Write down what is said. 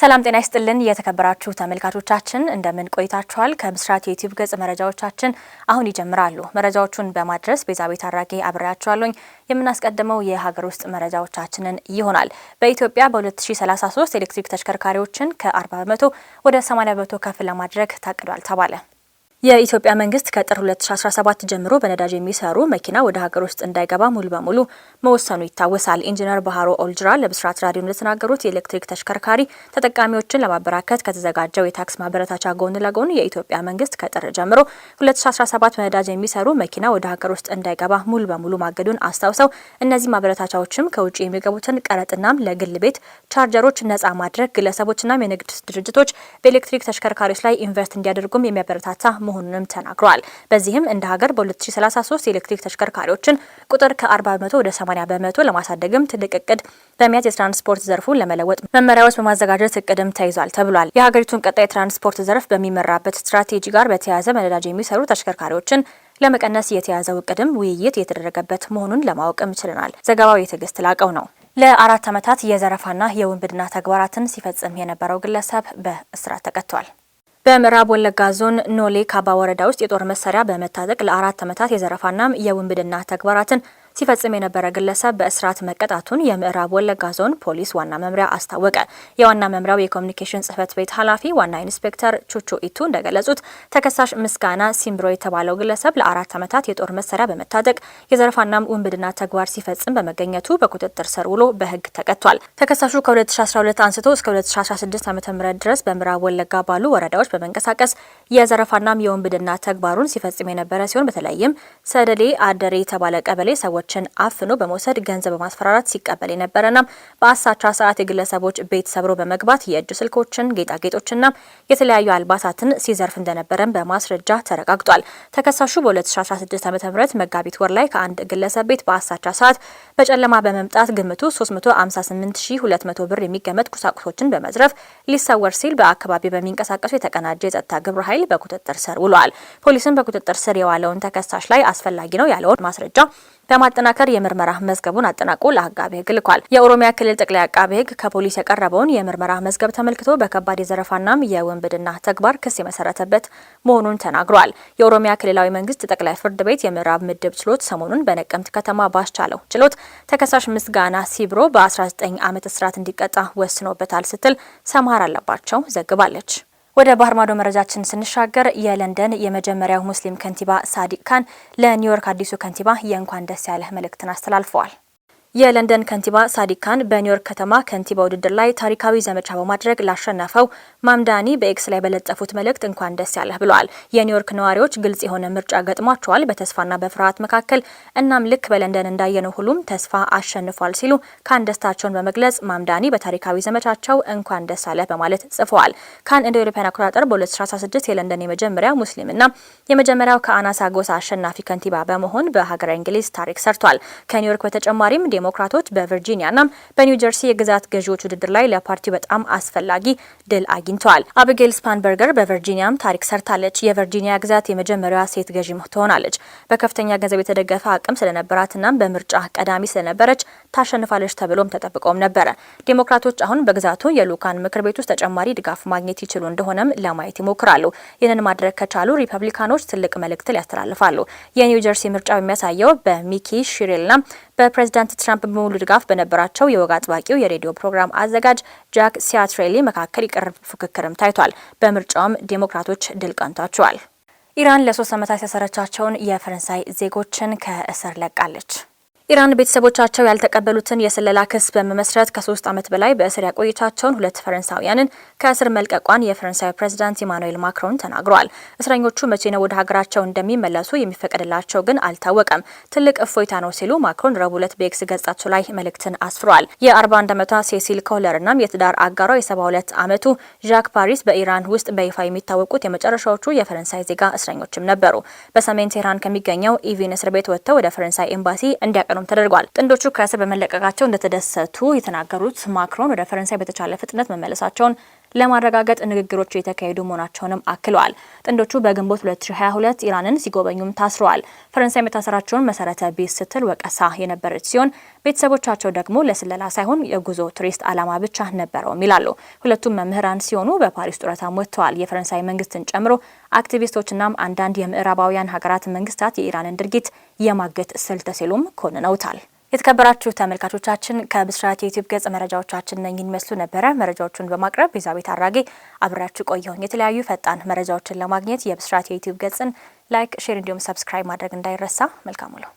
ሰላም ጤና ይስጥልን የተከበራችሁ ተመልካቾቻችን፣ እንደምን ቆይታችኋል? ከምስራት የዩቲዩብ ገጽ መረጃዎቻችን አሁን ይጀምራሉ። መረጃዎቹን በማድረስ ቤዛቤት አራጌ አብሬያችኋለሁኝ። የምናስቀድመው የሀገር ውስጥ መረጃዎቻችንን ይሆናል። በኢትዮጵያ በ2033 ኤሌክትሪክ ተሽከርካሪዎችን ከ40 በመቶ ወደ 80 በመቶ ከፍ ለማድረግ ታቅዷል ተባለ። የኢትዮጵያ መንግስት ከጥር 2017 ጀምሮ በነዳጅ የሚሰሩ መኪና ወደ ሀገር ውስጥ እንዳይገባ ሙሉ በሙሉ መወሰኑ ይታወሳል። ኢንጂነር ባህሮ ኦልጅራ ለብስራት ራዲዮ እንደተናገሩት የኤሌክትሪክ ተሽከርካሪ ተጠቃሚዎችን ለማበራከት ከተዘጋጀው የታክስ ማበረታቻ ጎን ለጎን የኢትዮጵያ መንግስት ከጥር ጀምሮ 2017 በነዳጅ የሚሰሩ መኪና ወደ ሀገር ውስጥ እንዳይገባ ሙሉ በሙሉ ማገዱን አስታውሰው እነዚህ ማበረታቻዎችም ከውጭ የሚገቡትን ቀረጥናም ለግል ቤት ቻርጀሮች ነጻ ማድረግ፣ ግለሰቦችናም የንግድ ድርጅቶች በኤሌክትሪክ ተሽከርካሪዎች ላይ ኢንቨስት እንዲያደርጉም የሚያበረታታ መሆኑንም ተናግረዋል። በዚህም እንደ ሀገር በ2033 የኤሌክትሪክ ተሽከርካሪዎችን ቁጥር ከ40 በመቶ ወደ 80 በመቶ ለማሳደግም ትልቅ እቅድ በመያዝ የትራንስፖርት ዘርፉን ለመለወጥ መመሪያዎች በማዘጋጀት እቅድም ተይዟል ተብሏል። የሀገሪቱን ቀጣይ የትራንስፖርት ዘርፍ በሚመራበት ስትራቴጂ ጋር በተያያዘ መነዳጅ የሚሰሩ ተሽከርካሪዎችን ለመቀነስ የተያዘው እቅድም ውይይት የተደረገበት መሆኑን ለማወቅም ችለናል። ዘገባው የትዕግስት ላቀው ነው። ለአራት ዓመታት የዘረፋና የውንብድና ተግባራትን ሲፈጽም የነበረው ግለሰብ በእስራት ተቀጥቷል። በምዕራብ ወለጋ ዞን ኖሌ ካባ ወረዳ ውስጥ የጦር መሳሪያ በመታጠቅ ለአራት ዓመታት የዘረፋና የውንብድና ተግባራትን ሲፈጽም የነበረ ግለሰብ በእስራት መቀጣቱን የምዕራብ ወለጋ ዞን ፖሊስ ዋና መምሪያ አስታወቀ። የዋና መምሪያው የኮሚኒኬሽን ጽህፈት ቤት ኃላፊ ዋና ኢንስፔክተር ቹቹ ኢቱ እንደገለጹት ተከሳሽ ምስጋና ሲምብሮ የተባለው ግለሰብ ለአራት ዓመታት የጦር መሳሪያ በመታጠቅ የዘረፋና ውንብድና ተግባር ሲፈጽም በመገኘቱ በቁጥጥር ስር ውሎ በህግ ተቀጥቷል። ተከሳሹ ከ2012 አንስቶ እስከ 2016 ዓ ም ድረስ በምዕራብ ወለጋ ባሉ ወረዳዎች በመንቀሳቀስ የዘረፋናም የውንብድና ተግባሩን ሲፈጽም የነበረ ሲሆን በተለይም ሰደሌ አደሬ የተባለ ቀበሌ ሰዎች ሰዎችን አፍኖ በመውሰድ ገንዘብ በማስፈራራት ሲቀበል የነበረና በአሳቻ ሰዓት የግለሰቦች ቤት ሰብሮ በመግባት የእጅ ስልኮችን፣ ጌጣጌጦችና የተለያዩ አልባሳትን ሲዘርፍ እንደነበረን በማስረጃ ተረጋግጧል። ተከሳሹ በ2016 ዓ ም መጋቢት ወር ላይ ከአንድ ግለሰብ ቤት በአሳቻ ሰዓት በጨለማ በመምጣት ግምቱ 358200 ብር የሚገመት ቁሳቁሶችን በመዝረፍ ሊሰወር ሲል በአካባቢ በሚንቀሳቀሱ የተቀናጀ የጸጥታ ግብረ ኃይል በቁጥጥር ስር ውሏል። ፖሊስም በቁጥጥር ስር የዋለውን ተከሳሽ ላይ አስፈላጊ ነው ያለውን ማስረጃ ለማጠናከር የምርመራ መዝገቡን አጠናቆ ለአቃቤ ሕግ ልኳል። የኦሮሚያ ክልል ጠቅላይ አቃቤ ሕግ ከፖሊስ የቀረበውን የምርመራ መዝገብ ተመልክቶ በከባድ የዘረፋናም የውንብድና ተግባር ክስ የመሰረተበት መሆኑን ተናግሯል። የኦሮሚያ ክልላዊ መንግስት ጠቅላይ ፍርድ ቤት የምዕራብ ምድብ ችሎት ሰሞኑን በነቀምት ከተማ ባስቻለው ችሎት ተከሳሽ ምስጋና ሲብሮ በ19 ዓመት እስራት እንዲቀጣ ወስኖበታል ስትል ሰማር አለባቸው ዘግባለች። ወደ ባህር ማዶ መረጃችን ስንሻገር የለንደን የመጀመሪያው ሙስሊም ከንቲባ ሳዲቅ ካን ለኒውዮርክ አዲሱ ከንቲባ የእንኳን ደስ ያለህ መልእክትን አስተላልፈዋል። የለንደን ከንቲባ ሳዲቅ ካን በኒውዮርክ ከተማ ከንቲባ ውድድር ላይ ታሪካዊ ዘመቻ በማድረግ ላሸነፈው ማምዳኒ በኤክስ ላይ በለጠፉት መልእክት እንኳን ደስ ያለህ ብለዋል። የኒውዮርክ ነዋሪዎች ግልጽ የሆነ ምርጫ ገጥሟቸዋል፣ በተስፋና በፍርሃት መካከል። እናም ልክ በለንደን እንዳየነው ሁሉም ተስፋ አሸንፏል ሲሉ ካን ደስታቸውን በመግለጽ ማምዳኒ በታሪካዊ ዘመቻቸው እንኳን ደስ አለህ በማለት ጽፈዋል። ካን እንደ ኤሮፓውያን አቆጣጠር በ2016 የለንደን የመጀመሪያ ሙስሊምና የመጀመሪያው ከአናሳ ጎሳ አሸናፊ ከንቲባ በመሆን በሀገረ እንግሊዝ ታሪክ ሰርቷል። ከኒውዮርክ በተጨማሪም ዴሞክራቶች በቨርጂኒያና በኒው ጀርሲ የግዛት ገዢዎች ውድድር ላይ ለፓርቲው በጣም አስፈላጊ ድል አግኝተዋል። አብጌል ስፓንበርገር በቨርጂኒያም ታሪክ ሰርታለች። የቨርጂኒያ ግዛት የመጀመሪያዋ ሴት ገዢም ትሆናለች። በከፍተኛ ገንዘብ የተደገፈ አቅም ስለነበራትና በምርጫ ቀዳሚ ስለነበረች ታሸንፋለች ተብሎም ተጠብቆም ነበረ። ዴሞክራቶች አሁን በግዛቱ የልኡካን ምክር ቤት ውስጥ ተጨማሪ ድጋፍ ማግኘት ይችሉ እንደሆነም ለማየት ይሞክራሉ። ይህንን ማድረግ ከቻሉ ሪፐብሊካኖች ትልቅ መልእክት ያስተላልፋሉ። የኒው ጀርሲ ምርጫ የሚያሳየው በሚኪ ሽሬልና በፕሬዚዳንት ትራምፕ በሙሉ ድጋፍ በነበራቸው የወግ አጥባቂው የሬዲዮ ፕሮግራም አዘጋጅ ጃክ ሲያትሬሊ መካከል የቅርብ ፉክክርም ታይቷል። በምርጫውም ዴሞክራቶች ድል ቀንቷቸዋል። ኢራን ለሶስት ዓመታት ያሰረቻቸውን የፈረንሳይ ዜጎችን ከእስር ለቃለች። ኢራን ቤተሰቦቻቸው ያልተቀበሉትን የስለላ ክስ በመመስረት ከሶስት ዓመት በላይ በእስር ያቆየቻቸውን ሁለት ፈረንሳውያንን ከእስር መልቀቋን የፈረንሳዊ ፕሬዚዳንት ኢማኑኤል ማክሮን ተናግረዋል። እስረኞቹ መቼ ነው ወደ ሀገራቸው እንደሚመለሱ የሚፈቀድላቸው ግን አልታወቀም፣ ትልቅ እፎይታ ነው ሲሉ ማክሮን ረቡዕ ዕለት በኤክስ ገጻቸው ላይ መልእክትን አስፍሯል የ የ41 ዓመቷ ሴሲል ኮለር ኮለርናም የትዳር አጋሯ የ72 ዓመቱ ዣክ ፓሪስ በኢራን ውስጥ በይፋ የሚታወቁት የመጨረሻዎቹ የፈረንሳይ ዜጋ እስረኞችም ነበሩ። በሰሜን ቴህራን ከሚገኘው ኢቪን እስር ቤት ወጥተው ወደ ፈረንሳይ ኤምባሲ እንዲያቀኑ እንዲቀሩም ተደርጓል። ጥንዶቹ ከእስር በመለቀቃቸው እንደተደሰቱ የተናገሩት ማክሮን ወደ ፈረንሳይ በተቻለ ፍጥነት መመለሳቸውን ለማረጋገጥ ንግግሮች የተካሄዱ መሆናቸውንም አክለዋል። ጥንዶቹ በግንቦት 2022 ኢራንን ሲጎበኙም ታስረዋል። ፈረንሳይ መታሰራቸውን መሰረተ ቢስ ስትል ወቀሳ የነበረች ሲሆን ቤተሰቦቻቸው ደግሞ ለስለላ ሳይሆን የጉዞ ቱሪስት ዓላማ ብቻ ነበረውም ይላሉ። ሁለቱም መምህራን ሲሆኑ በፓሪስ ጡረታም ወጥተዋል። የፈረንሳይ መንግስትን ጨምሮ አክቲቪስቶችናም አንዳንድ የምዕራባውያን ሀገራት መንግስታት የኢራንን ድርጊት የማገት ስልት ሲሉም ኮንነውታል። የተከበራችሁ ተመልካቾቻችን ከብስራት የዩቲዩብ ገጽ መረጃዎቻችን ነኝ ይመስሉ ነበረ። መረጃዎቹን በማቅረብ ቤዛቤት አራጌ አብሬያችሁ ቆየሁኝ። የተለያዩ ፈጣን መረጃዎችን ለማግኘት የብስራት የዩቲዩብ ገጽን ላይክ፣ ሼር እንዲሁም ሰብስክራይብ ማድረግ እንዳይረሳ። መልካም ውለው